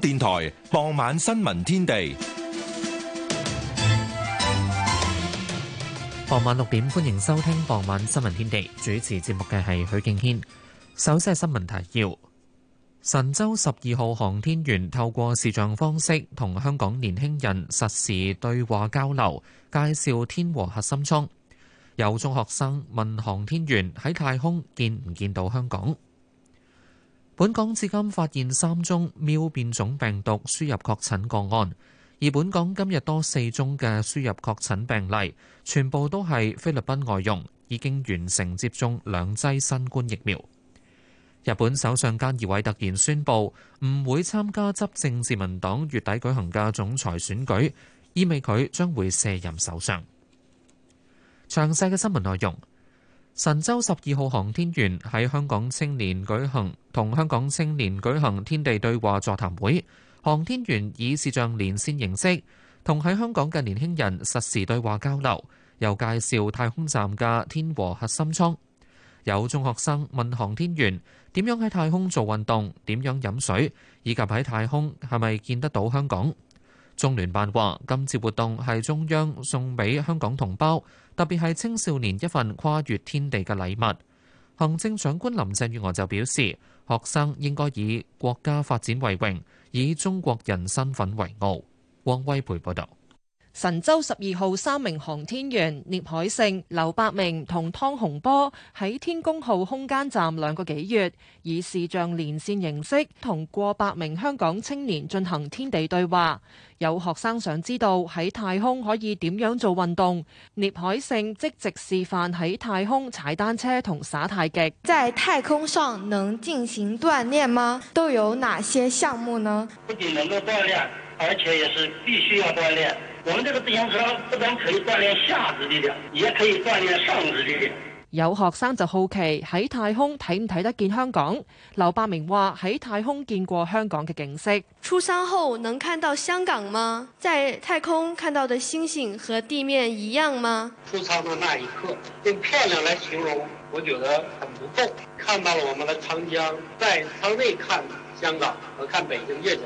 電台傍晚新聞天地，傍晚六點，歡迎收聽傍晚新聞天地。主持節目嘅係許敬軒。首先係新聞提要：神舟十二號航天員透過視像方式同香港年輕人實時對話交流，介紹天和核心艙。有中學生問航天員喺太空見唔見到香港？本港至今發現三宗妙變種病毒輸入確診個案，而本港今日多四宗嘅輸入確診病例，全部都係菲律賓外傭，已經完成接種兩劑新冠疫苗。日本首相菅義偉突然宣布唔會參加執政自民黨月底舉行嘅總裁選舉，意味佢將會卸任首相。詳細嘅新聞內容。神舟十二號航天員喺香港青年舉行同香港青年舉行天地對話座談會，航天員以視像連線形式同喺香港嘅年輕人實時對話交流，又介紹太空站嘅天和核心艙。有中學生問航天員點樣喺太空做運動、點樣飲水，以及喺太空係咪見得到香港。中聯辦話，今次活動係中央送俾香港同胞。特別係青少年一份跨越天地嘅禮物。行政長官林鄭月娥就表示，學生應該以國家發展為榮，以中國人身份為傲。汪威培報導。神舟十二號三名航天員聶海勝、劉伯明同湯洪波喺天宮號空間站兩個幾月，以視像連線形式同過百名香港青年進行天地對話。有學生想知道喺太空可以點樣做運動，聶海勝即席示範喺太空踩單車同耍太極。在太空上能進行鍛煉嗎？都有哪些項目呢？不僅能夠鍛煉，而且也是必須要鍛煉。我們這個自行車不單可以鍛煉下肢力量，也可以鍛煉上肢力量。有學生就好奇，喺太空睇唔睇得見香港？劉伯明話喺太空見過香港嘅景色。出艙後能看到香港嗎？在太空看到的星星和地面一樣嗎？出艙的那一刻，用漂亮來形容，我覺得很不夠。看到了我們的長江，在艙內看香港和看北京夜景。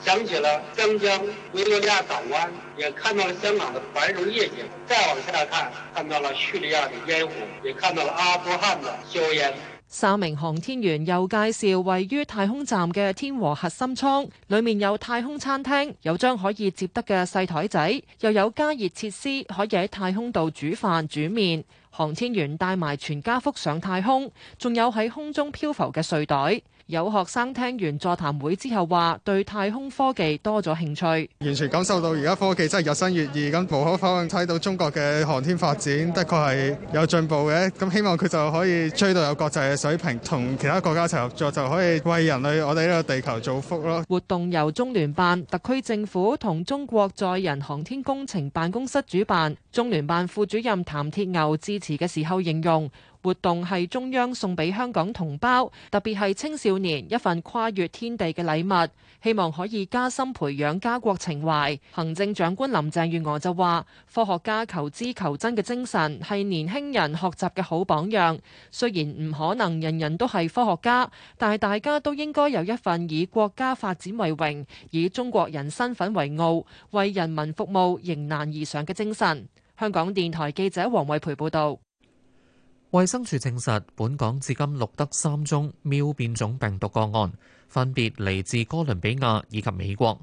想起了香江維多利亞港灣，也看到了香港的繁榮夜景。再往下看，看到了敘利亞的煙火，也看到了阿富汗的硝煙。三名航天員又介紹位於太空站嘅天和核心艙，裏面有太空餐廳，有張可以摺得嘅細台仔，又有加熱設施，可以喺太空度煮飯煮麵。航天員帶埋全家福上太空，仲有喺空中漂浮嘅睡袋。有學生聽完座談會之後話：對太空科技多咗興趣，完全感受到而家科技真係日新月異。咁無可否認，睇到中國嘅航天發展，的確係有進步嘅。咁希望佢就可以追到有國際嘅水平，同其他國家一齊合作，就可以為人類我哋呢個地球造福咯。活動由中聯辦、特區政府同中國載人航天工程辦公室主辦。中聯辦副主任譚鐵牛致辭嘅時候形容。活動係中央送俾香港同胞，特別係青少年一份跨越天地嘅禮物，希望可以加深培養家國情懷。行政長官林鄭月娥就話：科學家求知求真嘅精神係年輕人學習嘅好榜樣。雖然唔可能人人都係科學家，但係大家都應該有一份以國家發展為榮、以中國人身份為傲、為人民服務、迎難而上嘅精神。香港電台記者黃偉培報導。衛生署證實，本港至今錄得三宗 Mu 變種病毒個案，分別嚟自哥倫比亞以及美國。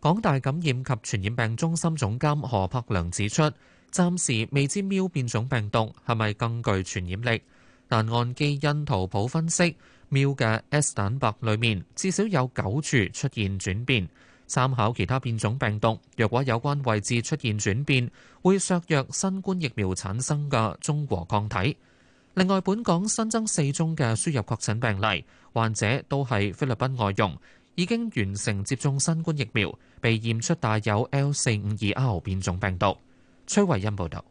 港大感染及傳染病中心總監何柏良指出，暫時未知 Mu 變種病毒係咪更具傳染力，但按基因圖譜分析，Mu 嘅 S 蛋白裏面至少有九處出現轉變。參考其他變種病毒，若果有關位置出現轉變，會削弱新冠疫苗產生嘅中和抗體。另外，本港新增四宗嘅輸入確診病例，患者都係菲律賓外傭，已經完成接種新冠疫苗，被驗出帶有 L 四五二 R 變種病毒。崔慧恩報道。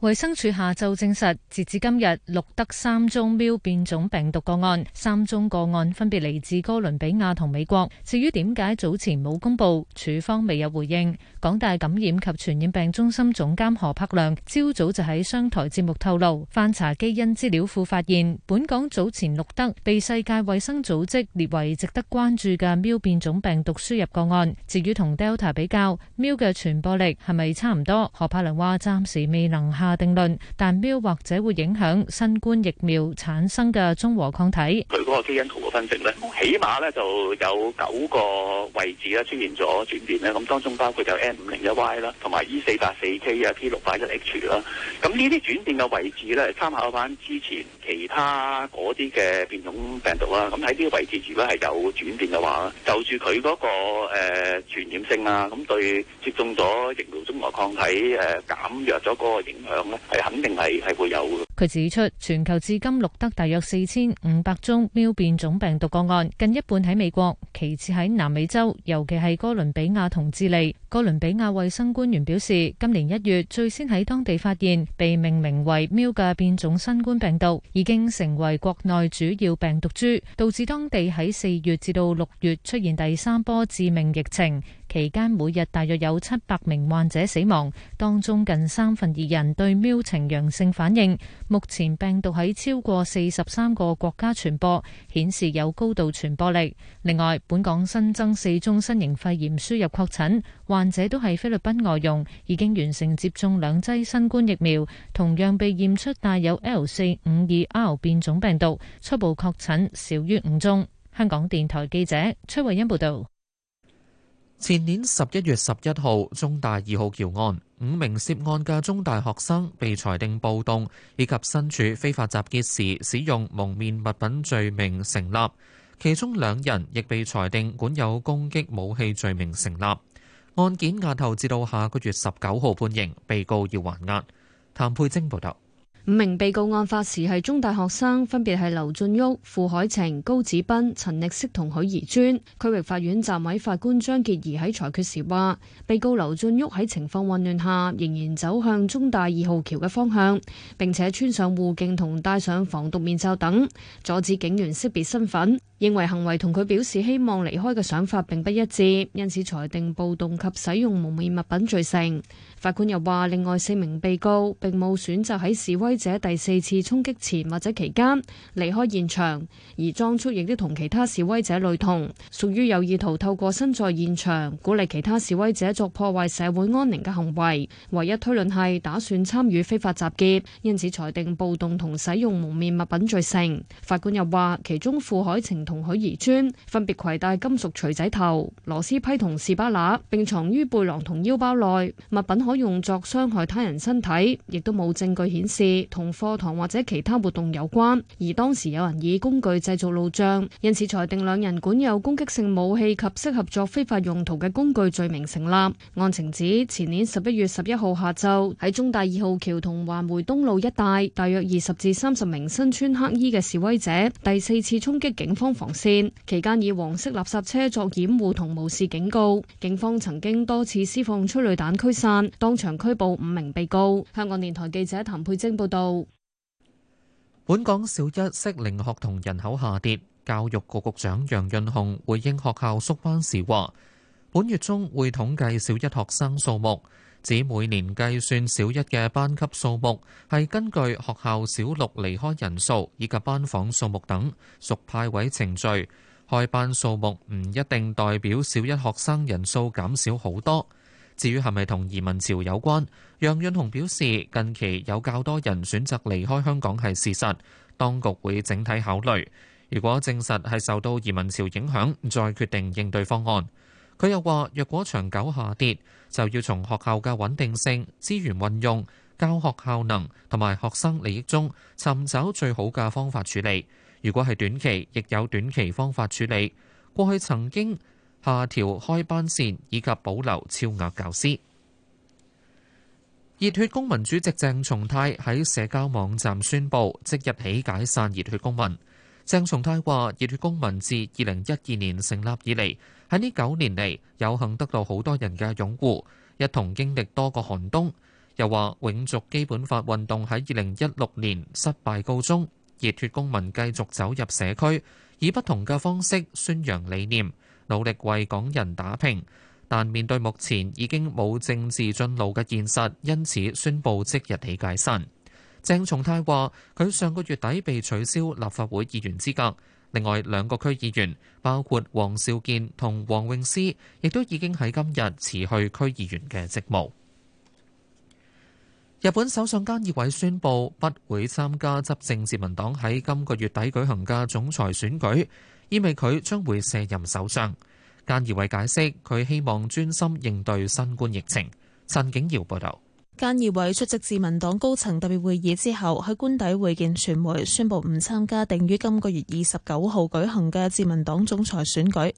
衛生署下晝證實，截至今日錄得三宗喵變種病毒個案，三宗個案分別嚟自哥倫比亞同美國。至於點解早前冇公布，署方未有回應。港大感染及傳染病中心總監何柏良朝早就喺商台節目透露，翻查基因資料庫發現，本港早前錄得被世界衛生組織列為值得關注嘅喵變種病毒輸入個案。至於同 Delta 比較，喵嘅傳播力係咪差唔多？何柏良話暫時未能下下定論，但喵或者會影響新冠疫苗產生嘅中和抗體。佢嗰個基因圖嘅分析呢，起碼咧就有九個位置咧出現咗轉變咧。咁當中包括有 N 五零一 Y 啦，同埋 E 四八四 K 啊，P 六八一 H 啦。咁呢啲轉變嘅位置咧，參考翻之前其他嗰啲嘅變種病毒啦。咁喺呢個位置如果係有轉變嘅話，就住佢嗰個誒傳染性啊，咁對接種咗疫苗中和抗體誒減弱咗嗰個影響。係肯定係係會有嘅。佢指出，全球至今錄得大約四千五百宗喵變種病毒個案，近一半喺美國，其次喺南美洲，尤其係哥倫比亞同智利。哥倫比亞衛生官員表示，今年一月最先喺當地發現被命名為喵嘅變種新冠病毒，已經成為國內主要病毒株，導致當地喺四月至到六月出現第三波致命疫情。期間每日大約有七百名患者死亡，當中近三分二人對苗呈陽性反應。目前病毒喺超過四十三個國家傳播，顯示有高度傳播力。另外，本港新增四宗新型肺炎輸入確診，患者都係菲律賓外傭，已經完成接種兩劑新冠疫苗，同樣被驗出帶有 L 四五二 R 變種病毒，初步確診少於五宗。香港電台記者崔慧欣報道。前年十一月十一號，中大二號橋案，五名涉案嘅中大學生被裁定暴動以及身處非法集結時使用蒙面物品罪名成立，其中兩人亦被裁定管有攻擊武器罪名成立。案件押後至到下個月十九號判刑，被告要還押。譚佩晶報道。五名被告案發時係中大學生，分別係劉俊旭、傅海晴、高子斌、陳力色同許宜尊。區域法院暫委法官張潔儀喺裁決時話，被告劉俊旭喺情況混亂下仍然走向中大二號橋嘅方向，並且穿上護鏡同戴上防毒面罩等，阻止警員識別身份。認為行為同佢表示希望離開嘅想法並不一致，因此裁定暴動及使用蒙面物品罪成。法官又話，另外四名被告並冇選擇喺示威者第四次衝擊前或者期間離開現場，而裝束亦都同其他示威者類同，屬於有意圖透過身在現場鼓勵其他示威者作破壞社會安寧嘅行為。唯一推論係打算參與非法集結，因此裁定暴動同使用蒙面物品罪成。法官又話，其中傅海晴。同許儀村分別攜帶金屬錘仔頭、螺絲批同士巴拿，並藏於背囊同腰包內。物品可用作傷害他人身體，亦都冇證據顯示同課堂或者其他活動有關。而當時有人以工具製造路障，因此裁定兩人管有攻擊性武器及適合作非法用途嘅工具罪名成立。案情指前年十一月十一號下晝喺中大二號橋同環回東路一帶，大約二十至三十名身穿黑衣嘅示威者第四次衝擊警方。防線期間以黃色垃圾車作掩護同無視警告，警方曾經多次施放催淚彈驅散，當場拘捕五名被告。香港電台記者譚佩晶報道。本港小一適齡學童人口下跌，教育局局長楊潤雄回應學校縮班時話，本月中會統計小一學生數目。指每年計算小一嘅班級數目，係根據學校小六離開人數以及班房數目等，屬派位程序。開班數目唔一定代表小一學生人數減少好多。至於係咪同移民潮有關，楊潤雄表示：近期有較多人選擇離開香港係事實，當局會整體考慮，如果證實係受到移民潮影響再決定應對方案。佢又話：若果長久下跌，就要從學校嘅穩定性、資源運用、教學效能同埋學生利益中尋找最好嘅方法處理。如果係短期，亦有短期方法處理。過去曾經下調開班線，以及保留超額教師。熱血公民主席鄭松泰喺社交網站宣佈，即日起解散熱血公民。鄭松泰話：熱血公民自二零一二年成立以嚟，喺呢九年嚟，有幸得到好多人嘅擁護，一同經歷多個寒冬。又話永續基本法運動喺二零一六年失敗告終，熱血公民繼續走入社區，以不同嘅方式宣揚理念，努力為港人打拼。但面對目前已經冇政治進路嘅現實，因此宣布即日起解散。鄭松泰話：佢上個月底被取消立法會議員資格，另外兩個區議員包括黃兆健同黃永詩，亦都已經喺今日辭去區議員嘅職務。日本首相菅義偉宣布不會參加執政自民黨喺今個月底舉行嘅總裁選舉，意味佢將會卸任首相。菅義偉解釋，佢希望專心應對新冠疫情。陳景堯報道。菅義偉出席自民黨高層特別會議之後，喺官邸會見傳媒，宣布唔參加定於今個月二十九號舉行嘅自民黨總裁選舉。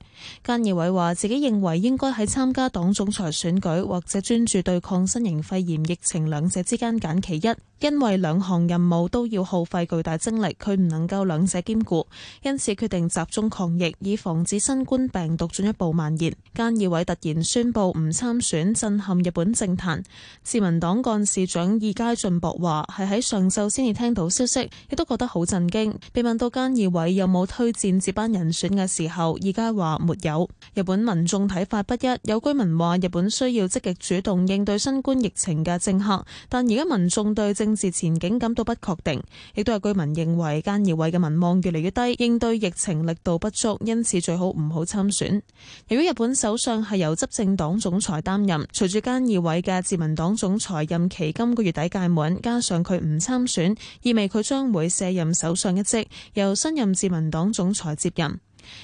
菅義偉話自己認為應該喺參加黨總裁選舉或者專注對抗新型肺炎疫情兩者之間揀其一，因為兩項任務都要耗費巨大精力，佢唔能夠兩者兼顧，因此決定集中抗疫，以防止新冠病毒進一步蔓延。菅義偉突然宣布唔參選，震撼日本政壇。自民黨。港幹事長二階俊博話：係喺上晝先至聽到消息，亦都覺得好震驚。被問到菅義偉有冇推薦接班人選嘅時候，二階話沒有。日本民眾睇法不一，有居民話日本需要積極主動應對新冠疫情嘅政客，但而家民眾對政治前景感到不確定。亦都有居民認為菅義偉嘅民望越嚟越低，應對疫情力度不足，因此最好唔好參選。由於日本首相係由執政黨總裁擔任，隨住菅義偉嘅自民黨總裁。任期今個月底屆滿，加上佢唔參選，意味佢將會卸任首相一職，由新任自民黨總裁接任。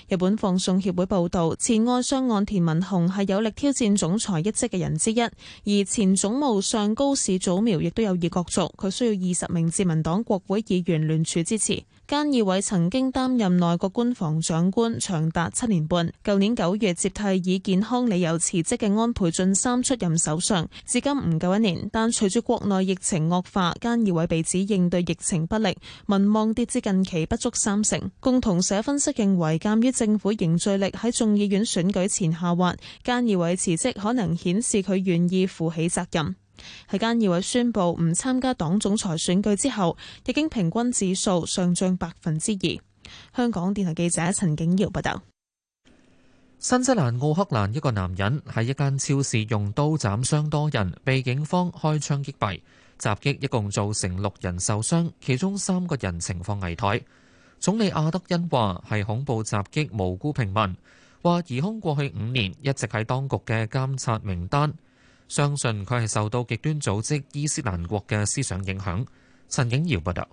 日本放送協會報道，前外相岸田文雄係有力挑戰總裁一職嘅人之一，而前總務相高市早苗亦都有意角逐，佢需要二十名自民黨國會議員聯署支持。菅義偉曾經擔任內閣官房長官長達七年半，舊年九月接替以健康理由辭職嘅安倍晉三出任首相，至今唔夠一年。但隨住國內疫情惡化，菅義偉被指應對疫情不力，民望跌至近期不足三成。共同社分析認為，鑒於政府凝聚力喺眾議院選舉前下滑，菅義偉辭職可能顯示佢願意負起責任。喺菅義偉宣布唔參加黨總裁選舉之後，日經平均指數上漲百分之二。香港電台記者陳景瑤報道：新西蘭奧克蘭一個男人喺一間超市用刀斬傷多人，被警方開槍擊斃。襲擊一共造成六人受傷，其中三個人情況危殆。總理阿德恩話係恐怖襲擊無辜平民，話疑兇過去五年一直喺當局嘅監察名單。相信佢係受到極端組織伊斯蘭國嘅思想影響。陳景耀報導，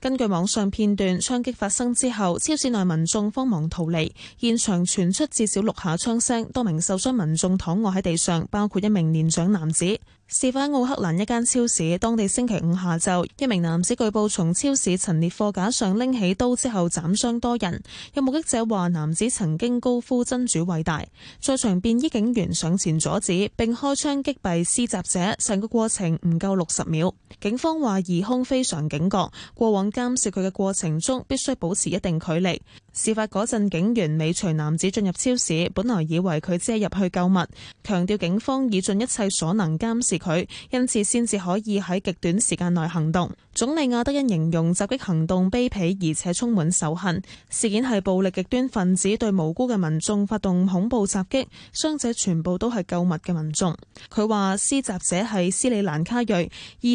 根據網上片段，槍擊發生之後，超市內民眾慌忙逃離，現場傳出至少六下槍聲，多名受傷民眾躺卧喺地上，包括一名年長男子。事發喺奧克蘭一間超市，當地星期五下晝，一名男子據報從超市陳列貨架上拎起刀之後斬傷多人。有目擊者話，男子曾經高呼真主偉大，在場便衣警員上前阻止，並開槍擊斃施襲者。成個過程唔夠六十秒。警方話疑凶非常警覺，過往監視佢嘅過程中必須保持一定距離。事發嗰陣，警員尾隨男子進入超市，本來以為佢只係入去購物，強調警方已盡一切所能監視佢，因此先至可以喺極短時間內行動。總理亞德恩形容襲擊行動卑鄙而且充滿仇恨，事件係暴力極端分子對無辜嘅民眾發動恐怖襲擊，傷者全部都係購物嘅民眾。佢話，施襲者係斯里蘭卡裔，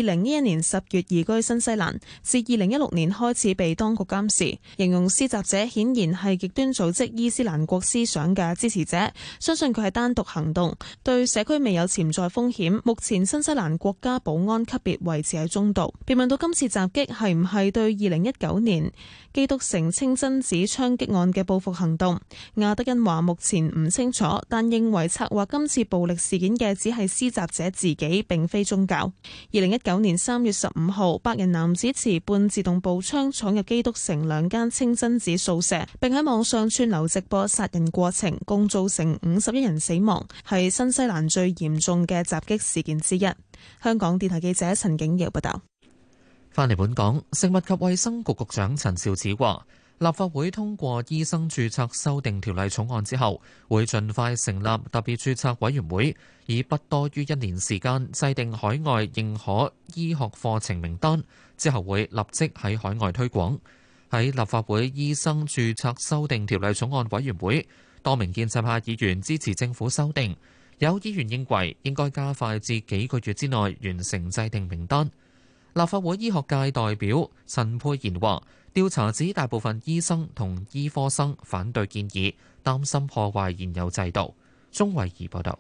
二零一一年十月移居新西蘭，自二零一六年開始被當局監視，形容施襲者顯顯然係極端組織伊斯蘭國思想嘅支持者，相信佢係單獨行動，對社區未有潛在風險。目前新西蘭國家保安級別維持喺中度。被問到今次襲擊係唔係對二零一九年基督城清真寺槍擊案嘅報復行動，亞德恩話目前唔清楚，但認為策劃今次暴力事件嘅只係施襲者自己，並非宗教。二零一九年三月十五號，白人男子持半自動步槍闖入基督城兩間清真寺掃射。並喺網上串流直播殺人過程，共造成五十一人死亡，係新西蘭最嚴重嘅襲擊事件之一。香港電台記者陳景瑤報道。翻嚟本港，食物及衛生局局長陳肇始話，立法會通過醫生注冊修訂條例草案之後，會盡快成立特別注冊委員會，以不多於一年時間制定海外認可醫學課程名單，之後會立即喺海外推廣。喺立法會醫生註冊修訂條例草案委員會，多名建制派議員支持政府修訂，有議員認為應該加快至幾個月之內完成制定名單。立法會醫學界代表陳佩賢話：調查指大部分醫生同醫科生反對建議，擔心破壞現有制度。鍾慧儀報道。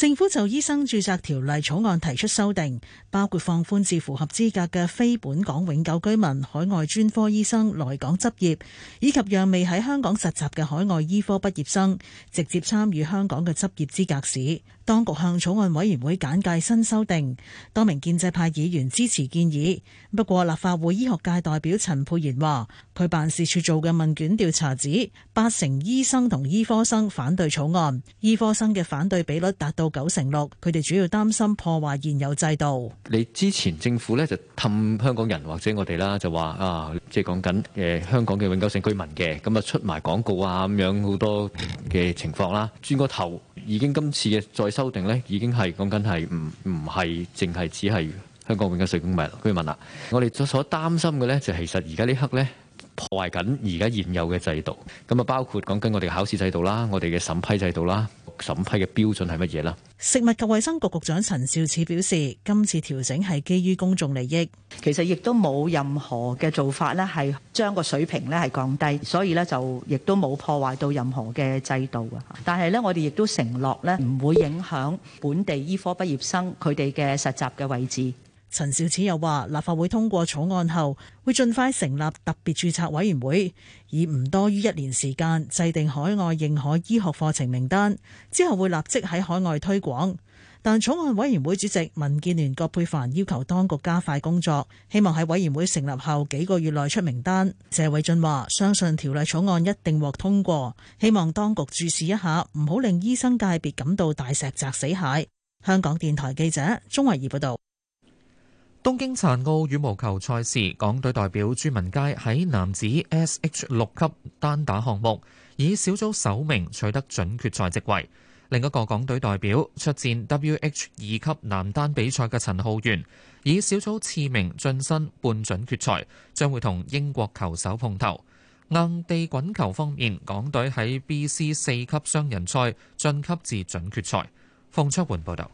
政府就醫生註冊條例草案提出修訂，包括放寬至符合資格嘅非本港永久居民、海外專科醫生來港執業，以及讓未喺香港實習嘅海外醫科畢業生直接參與香港嘅執業資格試。當局向草案委員會簡介新修訂，多名建制派議員支持建議。不過，立法會醫學界代表陳沛然話，佢辦事處做嘅問卷調查指，八成醫生同醫科生反對草案，醫科生嘅反對比率達到九成六，佢哋主要擔心破壞現有制度。你之前政府咧就氹香港人或者我哋啦，就話啊，即係講緊誒香港嘅永久性居民嘅，咁啊出埋廣告啊咁樣好多嘅情況啦。轉個頭，已經今次嘅再修訂呢，已經係講緊係唔唔係淨係只係香港永久性居民居民啦。我哋所擔心嘅呢，就是、其實而家呢刻呢，破壞緊而家現有嘅制度，咁啊包括講緊我哋考試制度啦，我哋嘅審批制度啦。審批嘅標準係乜嘢啦？食物及衛生局局長陳肇始表示，今次調整係基於公眾利益，其實亦都冇任何嘅做法咧，係將個水平咧係降低，所以咧就亦都冇破壞到任何嘅制度啊。但係咧，我哋亦都承諾咧，唔會影響本地醫科畢業生佢哋嘅實習嘅位置。陳肇始又話：立法會通過草案後，會盡快成立特別註冊委員會，以唔多於一年時間制定海外認可醫學課程名單，之後會立即喺海外推廣。但草案委員會主席民建聯郭佩凡要求當局加快工作，希望喺委員會成立後幾個月內出名單。謝偉俊話：相信條例草案一定獲通過，希望當局注視一下，唔好令醫生界別感到大石砸死蟹。香港電台記者鍾慧儀報道。東京殘奧羽毛球賽事，港隊代表朱文佳喺男子 SH 六級單打項目以小組首名取得準決賽席位。另一個港隊代表出戰 WH 二級男單比賽嘅陳浩源，以小組次名晉身半準決賽，將會同英國球手碰頭。硬地滾球方面，港隊喺 BC 四級雙人賽晉級至準決賽。馮卓煥報道。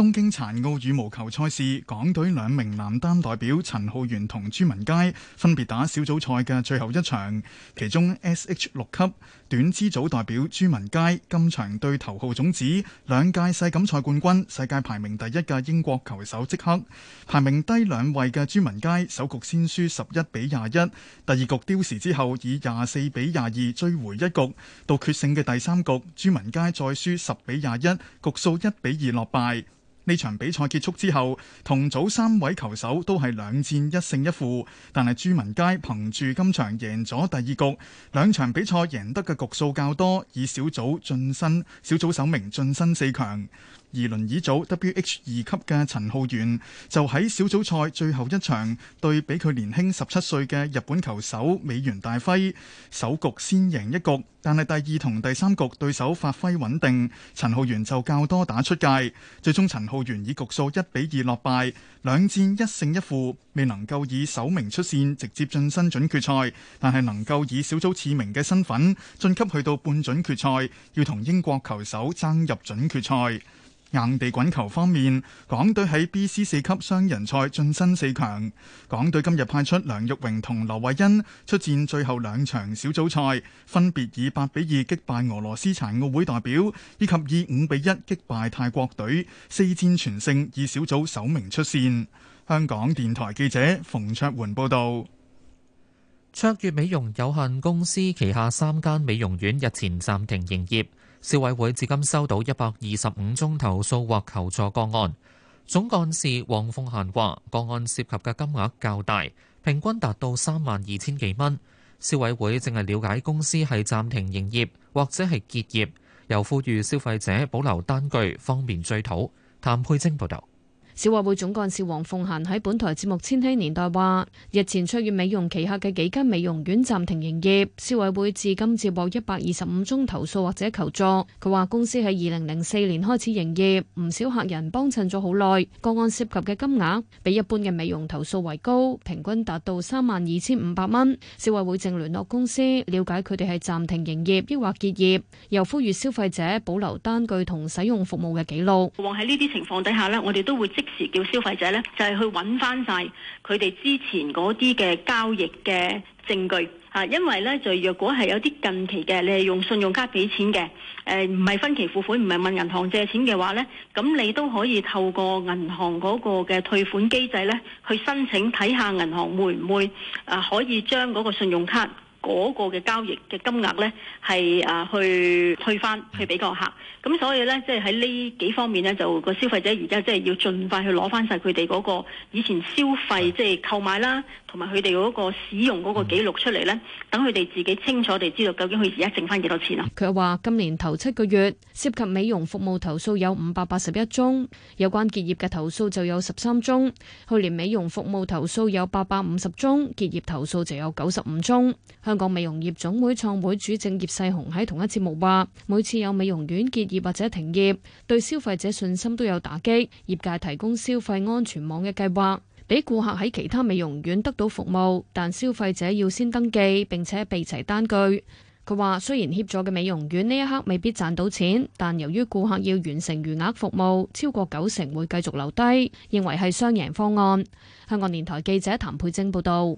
東京殘奧羽毛球賽事，港隊兩名男單代表陳浩源同朱文佳分別打小組賽嘅最後一場。其中 S.H 六級短支組代表朱文佳，今場對頭號種子、兩屆世錦賽冠軍、世界排名第一嘅英國球手即刻。排名低兩位嘅朱文佳首局先輸十一比廿一，第二局丟時之後以廿四比廿二追回一局，到決勝嘅第三局朱文佳再輸十比廿一，局數一比二落敗。呢場比賽結束之後，同組三位球手都係兩戰一勝一負，但係朱文佳憑住今場贏咗第二局，兩場比賽贏得嘅局數較多，以小組晉身，小組首名晉身四強。而輪椅組 W.H. 二級嘅陳浩源就喺小組賽最後一場對比佢年輕十七歲嘅日本球手美元大輝，首局先贏一局，但係第二同第三局對手發揮穩定，陳浩源就較多打出界，最終陳浩源以局數一比二落敗，兩戰一勝一負，未能夠以首名出線直接晉身準決賽，但係能夠以小組次名嘅身份晉級去到半準決賽，要同英國球手爭入準決賽。硬地滾球方面，港隊喺 BC 四級雙人賽晉身四強。港隊今日派出梁玉榮同劉慧恩出戰最後兩場小組賽，分別以八比二擊敗俄羅斯殘奧會代表，以及以五比一擊敗泰國隊，四戰全勝，以小組首名出線。香港電台記者馮卓媛報道。卓越美容有限公司旗下三間美容院日前暫停營業。消委會至今收到一百二十五宗投訴或求助個案，總幹事黃鳳嫻話：個案涉及嘅金額較大，平均達到三萬二千幾蚊。消委會正係了解公司係暫停營業或者係結業，又呼籲消費者保留單據，方便追討。譚佩晶報道。消委會總幹事黃鳳嫻喺本台節目《千禧年代》話，日前出現美容欺客嘅幾間美容院暫停營業，消委會至今接獲一百二十五宗投訴或者求助。佢話公司喺二零零四年開始營業，唔少客人幫襯咗好耐，個案涉及嘅金額比一般嘅美容投訴為高，平均達到三萬二千五百蚊。消委會正聯絡公司了解佢哋係暫停營業抑或結業，又呼籲消費者保留單據同使用服務嘅記錄。往喺呢啲情況底下咧，我哋都會即時叫消費者呢，就係去揾翻晒佢哋之前嗰啲嘅交易嘅證據吓，因為呢，就若果係有啲近期嘅，你係用信用卡俾錢嘅，誒，唔係分期付款，唔係問銀行借錢嘅話呢，咁你都可以透過銀行嗰個嘅退款機制呢，去申請睇下銀行會唔會啊可以將嗰個信用卡嗰個嘅交易嘅金額呢，係啊去退翻去俾個客，咁所以呢，即係喺呢幾方面呢，就個消費者而家即係要盡快去攞翻晒佢哋嗰個以前消費即係、就是、購買啦，同埋佢哋嗰個使用嗰個記錄出嚟呢。等佢哋自己清楚地知道究竟佢而家剩翻幾多錢啊。佢話今年頭七個月涉及美容服務投訴有五百八十一宗，有關結業嘅投訴就有十三宗。去年美容服務投訴有八百五十宗，結業投訴就有九十五宗。香港美容業總會創會主席葉世雄喺同一節目話：每次有美容院結業或者停業，對消費者信心都有打擊。業界提供消費安全網嘅計劃，俾顧客喺其他美容院得到服務，但消費者要先登記，並且備齊單據。佢話雖然協助嘅美容院呢一刻未必賺到錢，但由於顧客要完成餘額服務，超過九成會繼續留低，認為係雙贏方案。香港電台記者譚佩晶報道。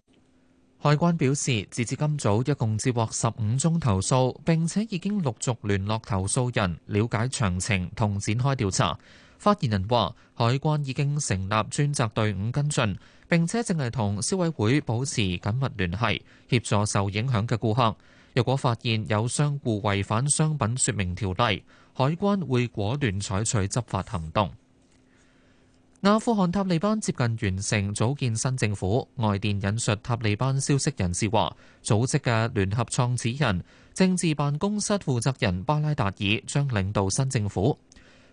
海關表示，截至今早一共接獲十五宗投訴，並且已經陸續聯絡投訴人了解詳情同展開調查。發言人話，海關已經成立專責隊伍跟進，並且正係同消委會保持緊密聯繫，協助受影響嘅顧客。若果發現有商戶違反商品說明條例，海關會果斷採取執法行動。阿富汗塔利班接近完成組建新政府，外電引述塔利班消息人士話，組織嘅聯合創始人、政治辦公室負責人巴拉達爾將領導新政府。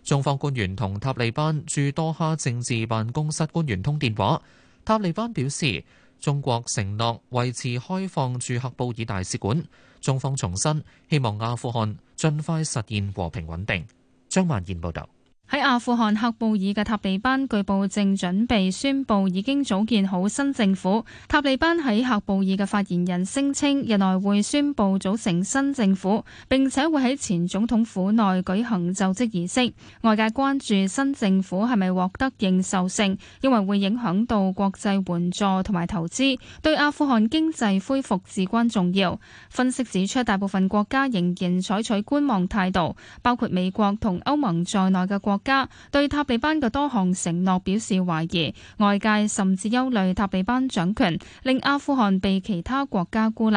中方官員同塔利班駐多哈政治辦公室官員通電話，塔利班表示中國承諾維持開放駐喀布爾大使館，中方重申希望阿富汗盡快實現和平穩定。張曼燕報道。喺阿富汗喀布爾嘅塔利班據報正準備宣佈已經組建好新政府。塔利班喺喀布爾嘅發言人聲稱，日內會宣佈組成新政府，並且會喺前總統府內舉行就職儀式。外界關注新政府係咪獲得認受性，因為會影響到國際援助同埋投資，對阿富汗經濟恢復至關重要。分析指出，大部分國家仍然採取觀望態度，包括美國同歐盟在內嘅國家對塔利班嘅多項承諾表示懷疑，外界甚至憂慮塔利班掌權令阿富汗被其他國家孤立。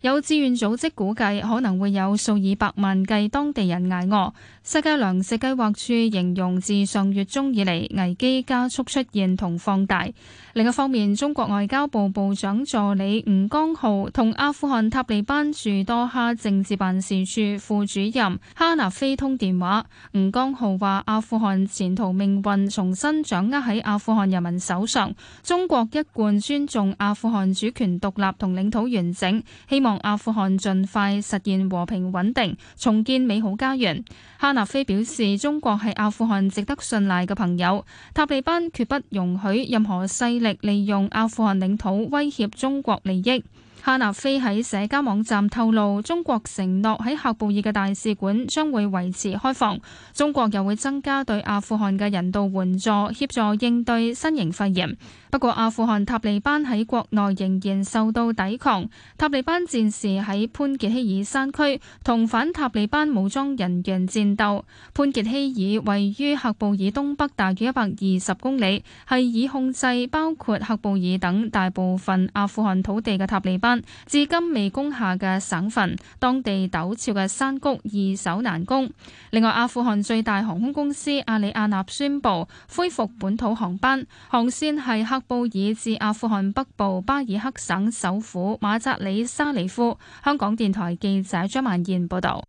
有志願組織估計可能會有數以百萬計當地人挨餓。世界糧食計劃處形容自上月中以嚟危機加速出現同放大。另一方面，中國外交部部長助理吳江浩同阿富汗塔利班駐多哈政治辦事處副，副主任哈納菲通電話。吳江浩話。阿。阿富汗前途命運重新掌握喺阿富汗人民手上。中國一貫尊重阿富汗主權獨立同領土完整，希望阿富汗盡快實現和平穩定，重建美好家園。哈納菲表示，中國係阿富汗值得信賴嘅朋友。塔利班絕不容許任何勢力利用阿富汗領土威脅中國利益。哈納菲喺社交網站透露，中國承諾喺喀布爾嘅大使館將會維持開放，中國又會增加對阿富汗嘅人道援助，協助應對新型肺炎。不過，阿富汗塔利班喺國內仍然受到抵抗，塔利班戰士喺潘傑希爾山區同反塔利班武裝人員戰鬥。潘傑希爾位於喀布爾東北大約一百二十公里，係以控制包括喀布爾等大部分阿富汗土地嘅塔利班。至今未攻下嘅省份，當地陡峭嘅山谷易守難攻。另外，阿富汗最大航空公司阿里亞納宣布恢復本土航班，航線，係喀布爾至阿富汗北部巴爾克省首府馬扎里沙里夫。香港電台記者張萬燕報道。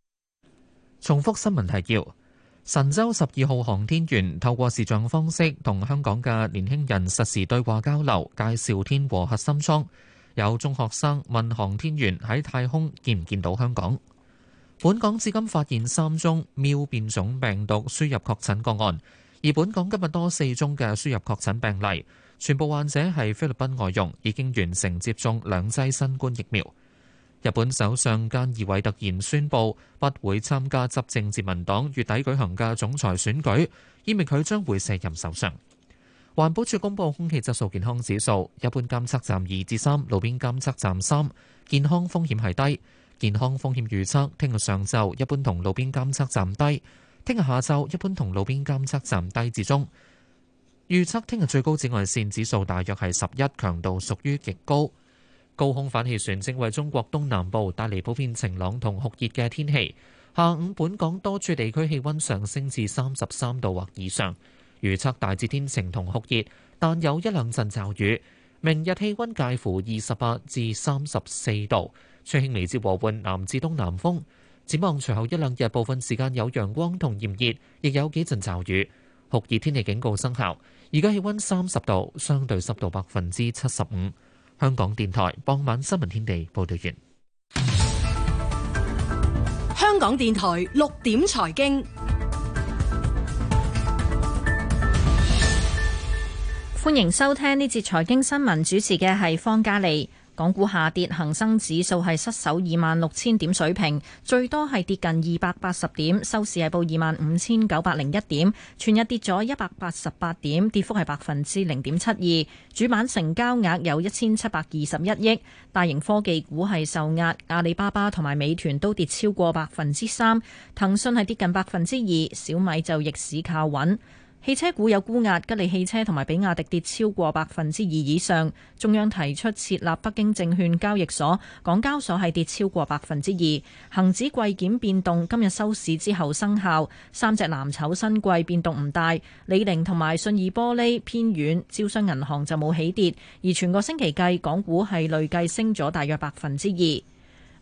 重複新聞提要：神舟十二號航天員透過視像方式同香港嘅年輕人實時對話交流，介紹天和核心艙。有中學生問航天員喺太空見唔見到香港。本港至今發現三宗妙變種病毒輸入確診個案，而本港今日多四宗嘅輸入確診病例，全部患者係菲律賓外傭，已經完成接種兩劑新冠疫苗。日本首相菅義偉突然宣布不會參加執政自民黨月底舉行嘅總裁選舉，意味佢將會卸任首相。環保署公布空氣質素健康指數，一般監測站二至三，路邊監測站三，健康風險係低。健康風險預測，聽日上晝一般同路邊監測站低，聽日下晝一般同路邊監測站低至中。預測聽日最高紫外綫指數大約係十一，強度屬於極高。高空反氣旋正為中國東南部帶嚟普遍晴朗同酷熱嘅天氣。下午本港多處地區氣温上升至三十三度或以上。預測大致天晴同酷熱，但有一兩陣驟雨。明日氣溫介乎二十八至三十四度，吹輕微至和緩南至東南風。展望隨後一兩日，部分時間有陽光同炎熱，亦有幾陣驟雨。酷熱天氣警告生效。而家氣溫三十度，相對濕度百分之七十五。香港電台傍晚新聞天地報道完。香港電台六點財經。歡迎收聽呢節財經新聞，主持嘅係方嘉利。港股下跌，恒生指數係失守二萬六千點水平，最多係跌近二百八十點，收市係報二萬五千九百零一點，全日跌咗一百八十八點，跌幅係百分之零點七二。主板成交額有一千七百二十一億，大型科技股係受壓，阿里巴巴同埋美團都跌超過百分之三，騰訊係跌近百分之二，小米就逆市靠穩。汽車股有沽壓，吉利汽車同埋比亞迪跌，跌超過百分之二以上。中央提出設立北京證券交易所，港交所係跌超過百分之二。恒指季檢變動今日收市之後生效，三隻藍籌新季變動唔大，李寧同埋信義玻璃偏軟，招商銀行就冇起跌。而全個星期計，港股係累計升咗大約百分之二。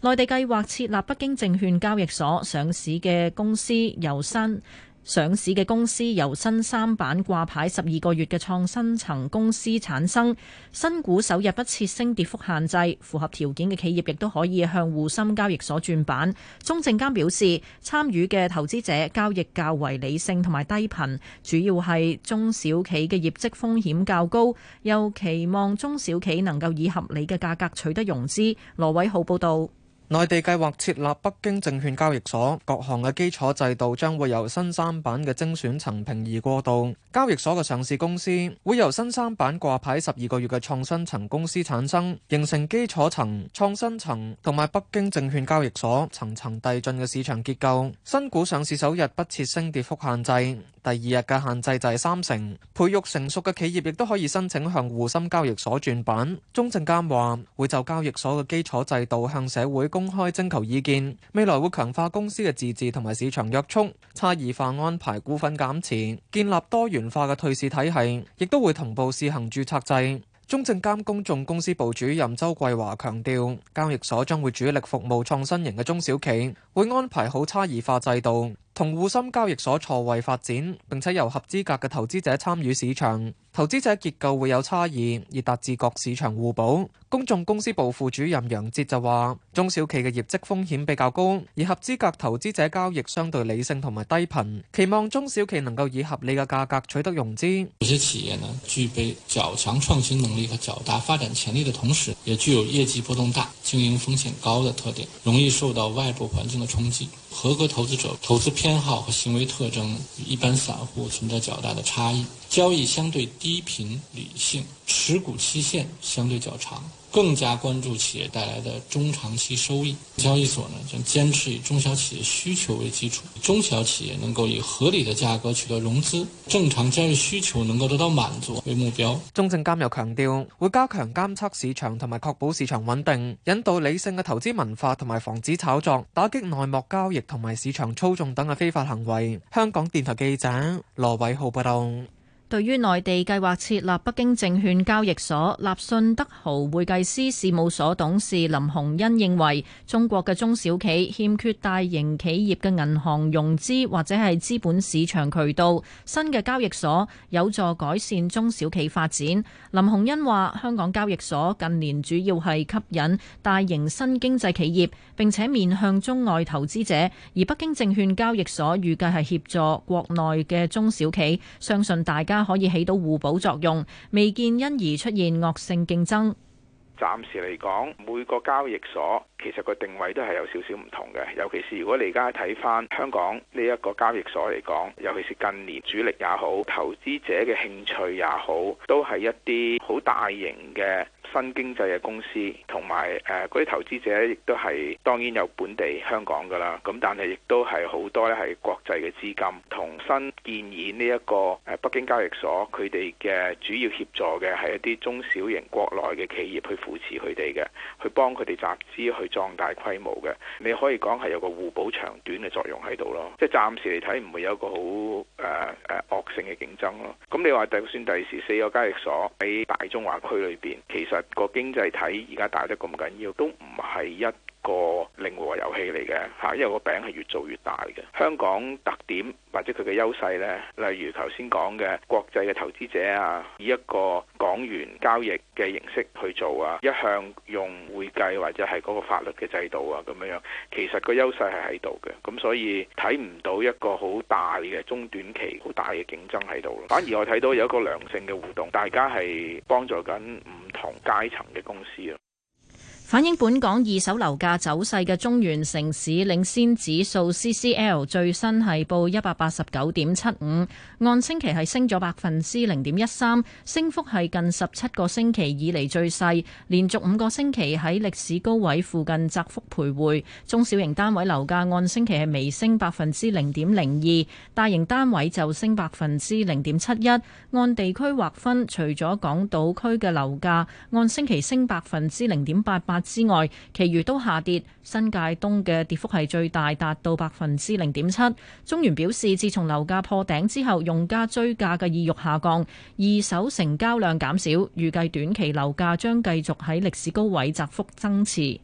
內地計劃設立北京證券交易所上市嘅公司，由新上市嘅公司由新三板掛牌十二個月嘅創新層公司產生，新股首日不設升跌幅限制，符合條件嘅企業亦都可以向滬深交易所轉板。中證監表示，參與嘅投資者交易較為理性同埋低頻，主要係中小企嘅業績風險較高，又期望中小企能夠以合理嘅價格取得融資。羅偉豪報道。內地計劃設立北京證券交易所，各項嘅基礎制度將會由新三板嘅精選層平移過渡。交易所嘅上市公司會由新三板掛牌十二個月嘅創新層公司產生，形成基礎層、創新層同埋北京證券交易所層層遞進嘅市場結構。新股上市首日不設升跌幅限制。第二日嘅限制就係三成，培育成熟嘅企業亦都可以申請向滬深交易所轉板。中證監話會就交易所嘅基礎制度向社會公開徵求意見，未來會強化公司嘅自治同埋市場約束，差異化安排股份減持，建立多元化嘅退市體系，亦都會同步試行注冊制。中證監公眾公司部主任周桂華強調，交易所將會主力服務創新型嘅中小企，會安排好差異化制度。同滬深交易所錯位發展，並且由合資格嘅投資者參與市場，投資者結構會有差異，而達至各市場互補。公眾公司部副主任楊哲就話，中小企嘅業績風險比較高，而合資格投資者交易相對理性同埋低頻，期望中小企能夠以合理嘅價格取得融資。有些企業呢，具備較強創新能力和較大發展潛力的同時，也具有業績波動大、經營風險高的特點，容易受到外部環境的衝擊。合格投資者投資偏好和行為特徵與一般散戶存在較大的差異。交易相對低頻、理性，持股期限相對較長，更加關注企業帶來的中長期收益。交易所呢將堅持以中小企業需求為基礎，中小企業能夠以合理的價格取得融資，正常交易需求能夠得到滿足為目標。中證監又強調會加強監測市場同埋確保市場穩定，引導理性嘅投資文化同埋防止炒作，打擊內幕交易同埋市場操縱等嘅非法行為。香港電台記者羅偉浩報道。對於內地計劃設立北京證券交易所，立信德豪會計師事務所董事林洪恩認為，中國嘅中小企欠缺大型企業嘅銀行融資或者係資本市場渠道，新嘅交易所有助改善中小企發展。林洪恩話：香港交易所近年主要係吸引大型新經濟企業，並且面向中外投資者，而北京證券交易所預計係協助國內嘅中小企，相信大家可以起到互補作用，未見因而出現惡性競爭。暫時嚟講，每個交易所其實個定位都係有少少唔同嘅。尤其是如果你而家睇返香港呢一個交易所嚟講，尤其是近年主力也好、投資者嘅興趣也好，都係一啲好大型嘅新經濟嘅公司，同埋誒嗰啲投資者亦都係當然有本地香港㗎啦。咁但係亦都係好多咧係國際嘅資金，同新建議呢一個誒北京交易所，佢哋嘅主要協助嘅係一啲中小型國內嘅企業去。扶持佢哋嘅，去幫佢哋集資去壯大規模嘅。你可以講係有個互補長短嘅作用喺度咯。即係暫時嚟睇，唔會有一個好誒誒惡性嘅競爭咯。咁、嗯、你話就算第時四個交易所喺大中華區裏邊，其實個經濟體而家大得咁緊要，都唔係一。個靈活遊戲嚟嘅吓，因為個餅係越做越大嘅。香港特點或者佢嘅優勢呢，例如頭先講嘅國際嘅投資者啊，以一個港元交易嘅形式去做啊，一向用會計或者係嗰個法律嘅制度啊，咁樣樣，其實個優勢係喺度嘅。咁所以睇唔到一個好大嘅中短期好大嘅競爭喺度。反而我睇到有一個良性嘅互動，大家係幫助緊唔同階層嘅公司咯。反映本港二手樓價走勢嘅中原城市領先指數 CCL 最新係報一百八十九點七五，按星期係升咗百分之零點一三，升幅係近十七個星期以嚟最細，連續五個星期喺歷史高位附近窄幅徘徊。中小型單位樓價按星期係微升百分之零點零二，大型單位就升百分之零點七一。按地區劃分，除咗港島區嘅樓價，按星期升百分之零點八八。之外，其餘都下跌。新界東嘅跌幅係最大，達到百分之零點七。中原表示，自從樓價破頂之後，用家追價嘅意欲下降，二手成交量減少，預計短期樓價將繼續喺歷史高位窄幅增持。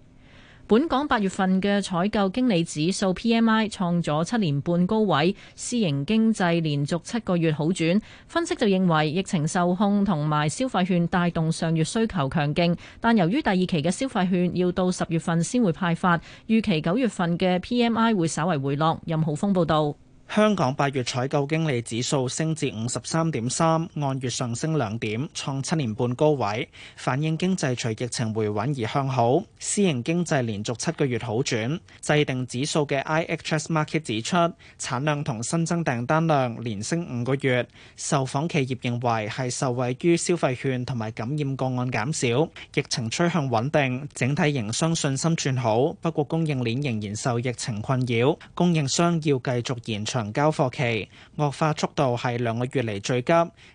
本港八月份嘅採購經理指數 PMI 創咗七年半高位，私營經濟連續七個月好轉。分析就認為疫情受控同埋消費券帶動上月需求強勁，但由於第二期嘅消費券要到十月份先會派發，預期九月份嘅 PMI 會稍為回落。任浩峰報道。香港八月採購經理指數升至五十三點三，按月上升兩點，創七年半高位，反映經濟隨疫情回穩而向好。私營經濟連續七個月好轉。制定指數嘅 IHS Markit 指出，產量同新增訂單量連升五個月。受訪企業認為係受惠於消費券同埋感染個案減少，疫情趨向穩定，整體營商信心轉好。不過供應鏈仍然受疫情困擾，供應商要繼續延長。能交貨期惡化速度係兩個月嚟最急，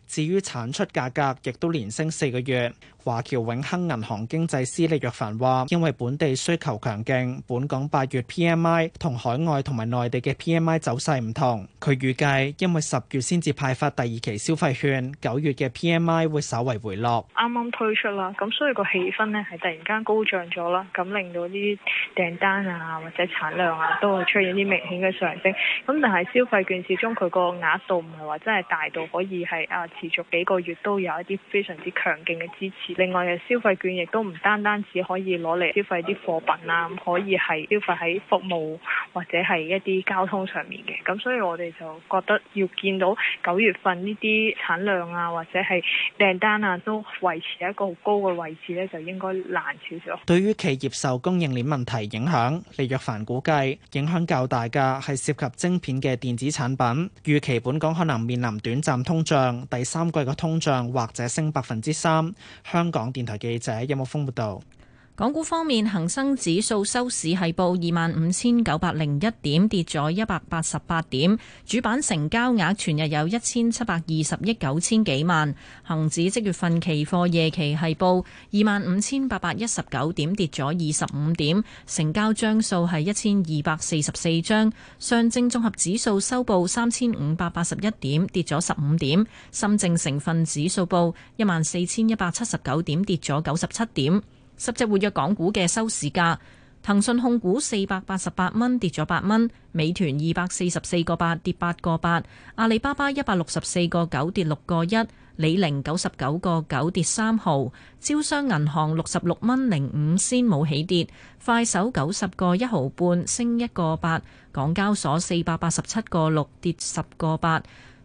至於產出價格亦都連升四個月。華僑永亨銀行經濟師李若凡話，因為本地需求強勁，本港八月 P M I 同海外同埋內地嘅 P M I 走勢唔同。佢預計，因為十月先至派發第二期消費券，九月嘅 P M I 會稍為回落。啱啱推出啦，咁所以個氣氛呢係突然間高漲咗啦，咁令到呢啲訂單啊或者產量啊都出現啲明顯嘅上升。咁但係消費券始終佢個額度唔係話真係大到可以係啊持續幾個月都有一啲非常之強勁嘅支持。另外嘅消費券亦都唔單單只可以攞嚟消費啲貨品啦，可以係消費喺服務或者係一啲交通上面嘅。咁所以我哋就覺得要見到九月份呢啲產量啊或者係訂單啊都維持喺一個好高嘅位置咧，就應該難少少。對於企業受供應鏈問題影響，李若凡估計影響較大嘅係涉及晶片嘅電子產品。預期本港可能面臨短暫通脹，第三季嘅通脹或者升百分之三。香港電台記者音樂風報道。港股方面，恒生指數收市係報二萬五千九百零一點，跌咗一百八十八點。主板成交額全日有一千七百二十億九千幾萬。恒指即月份期貨夜期係報二萬五千八百一十九點，跌咗二十五點，成交張數係一千二百四十四張。上證綜合指數收報三千五百八十一點，跌咗十五點。深證成分指數報一萬四千一百七十九點，跌咗九十七點。十隻活躍港股嘅收市價，騰訊控股四百八十八蚊，跌咗八蚊；美團二百四十四個八，跌八個八；阿里巴巴一百六十四個九，跌六個一；李寧九十九個九，跌三毫；招商銀行六十六蚊零五仙，冇起跌；快手九十個一毫半，升一個八；港交所四百八十七個六，跌十個八；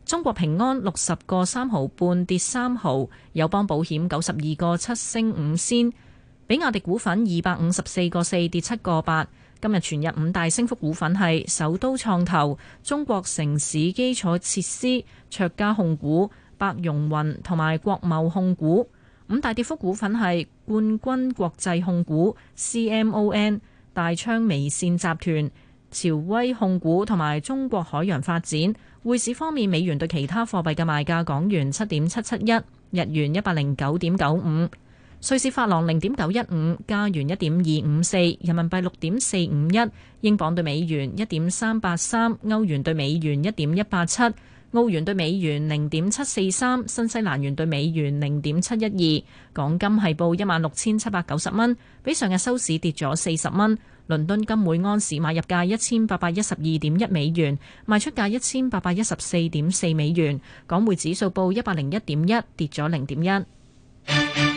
中國平安六十個三毫半，跌三毫；友邦保險九十二個七，升五仙。比亞迪股份二百五十四個四，跌七個八，今日全日五大升幅股份係首都創投、中國城市基礎設施、卓家控股、百融雲同埋國貿控股。五大跌幅股份係冠軍國際控股、CMON、大昌微線集團、朝威控股同埋中國海洋發展。匯市方面，美元對其他貨幣嘅賣價，港元七點七七一，日元一百零九點九五。瑞士法郎零點九一五，加元一點二五四，人民幣六點四五一，英鎊對美元一點三八三，歐元對美元一點一八七，澳元對美元零點七四三，新西蘭元對美元零點七一二。港金係報一萬六千七百九十蚊，比上日收市跌咗四十蚊。倫敦金每安士買入價一千八百一十二點一美元，賣出價一千八百一十四點四美元。港匯指數報一百零一點一，跌咗零點一。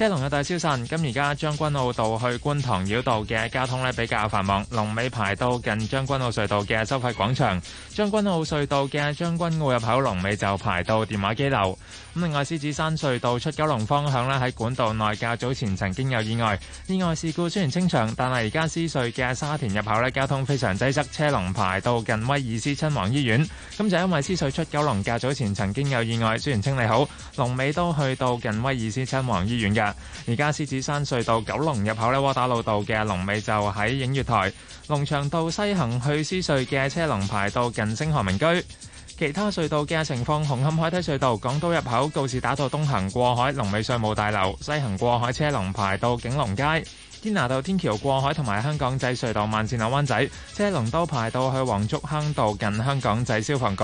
車龍有大消散，咁而家將軍澳道去觀塘繞道嘅交通咧比較繁忙，龍尾排到近將軍澳隧道嘅收費廣場。將軍澳隧道嘅將軍澳入口龍尾就排到電話機樓。咁另外獅子山隧道出九龍方向咧喺管道內，較早前曾經有意外。意外事故雖然清場，但係而家獅隧嘅沙田入口咧交通非常擠塞，車龍排到近威爾斯親王醫院。咁就因為獅隧出九龍較早前曾經有意外，雖然清理好，龍尾都去到近威爾斯親王醫院嘅。而家獅子山隧道九龍入口呢，窩打老道嘅龍尾就喺映月台；龍翔道西行去獅隧嘅車龍排到近星河明居。其他隧道嘅情況，紅磡海底隧道港島入口告士打道東行過海龍尾稅務大樓，西行過海車龍排到景隆街；天拿道天橋過海同埋香港仔隧道慢線往灣仔車龍都排到去黃竹坑道近香港仔消防局。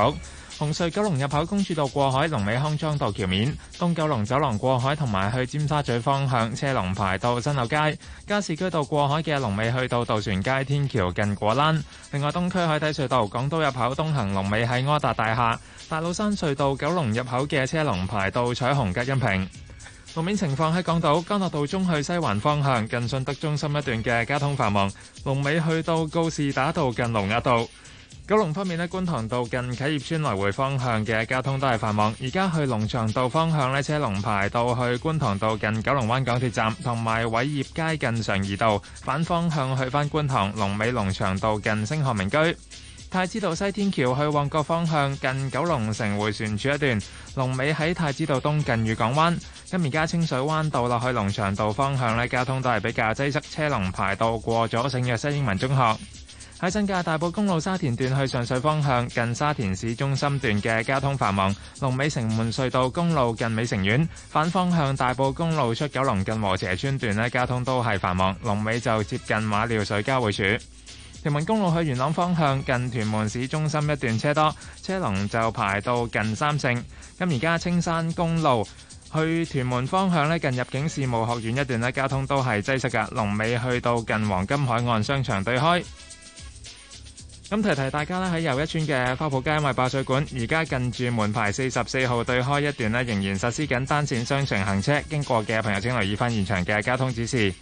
紅隧九龍入口公主道過海龍尾康莊道橋面，東九龍走廊過海同埋去尖沙咀方向車龍排到新樓街，加士居道過海嘅龍尾去到渡船街天橋近果欄。另外東區海底隧道港島入口東行龍尾喺柯達大廈，大老山隧道九龍入口嘅車龍排到彩虹隔音屏。路面情況喺港島干諾道中去西環方向近信德中心一段嘅交通繁忙，龍尾去到告士打道近盧押道。九龍方面咧，觀塘道近啟業村來回方向嘅交通都係繁忙，而家去龍翔道方向咧，車龍排到去觀塘道近九龍灣港鐵站，同埋偉業街近常怡道；反方向去翻觀塘龍尾龍翔道近星河名居，太子道西天橋去旺角方向近九龍城回旋處一段，龍尾喺太子道東近御港灣。咁而家清水灣道落去龍翔道方向呢，交通都係比較擠塞，車龍排到過咗聖約瑟英文中學。喺新界大埔公路沙田段去上水方向，近沙田市中心段嘅交通繁忙。龍尾，城門隧道公路近美城苑。反方向，大埔公路出九龍近和斜村段咧，交通都係繁忙。龍尾就接近馬料水交匯處。屯門公路去元朗方向，近屯門市中心一段車多，車龍就排到近三聖。咁而家青山公路去屯門方向咧，近入境事務學院一段咧，交通都係擠塞噶。龍尾去到近黃金海岸商場對開。咁提提大家咧，喺又一村嘅花圃街因為爆水管，而家近住門牌四十四號對開一段咧，仍然實施緊單線雙程行車。經過嘅朋友，請留意翻現場嘅交通指示。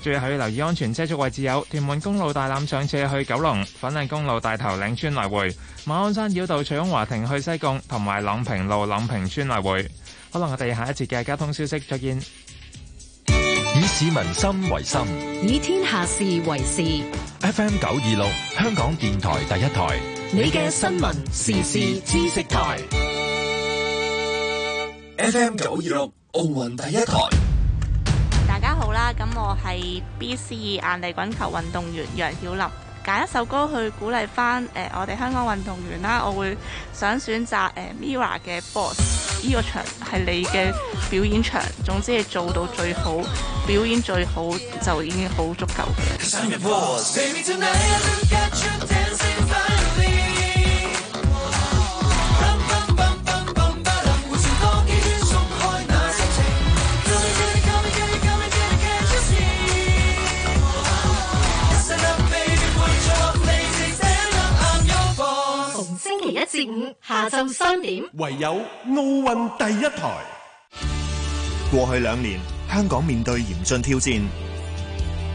最後要留意安全車速位置有屯門公路大欖上車去九龍，粉嶺公路大頭嶺村來回，馬鞍山繞道翠擁華庭去西貢，同埋朗屏路朗屏村來回。可能我哋下一節嘅交通消息再見。以市民心為心，以天下事為事。FM 九二六香港電台第一台，你嘅新聞時事知識台。FM 九二六奧運第一台，大家好啦，咁我係 B C 二硬地滾球運動員楊曉琳。揀一首歌去鼓勵翻誒我哋香港運動員啦，我會想選擇誒 MIRROR 嘅 Boss。呢個場係你嘅表演場，總之係做到最好，表演最好就已經好足夠嘅啦。 五下晝三點，唯有奧運第一台。過去兩年，香港面對嚴峻挑戰。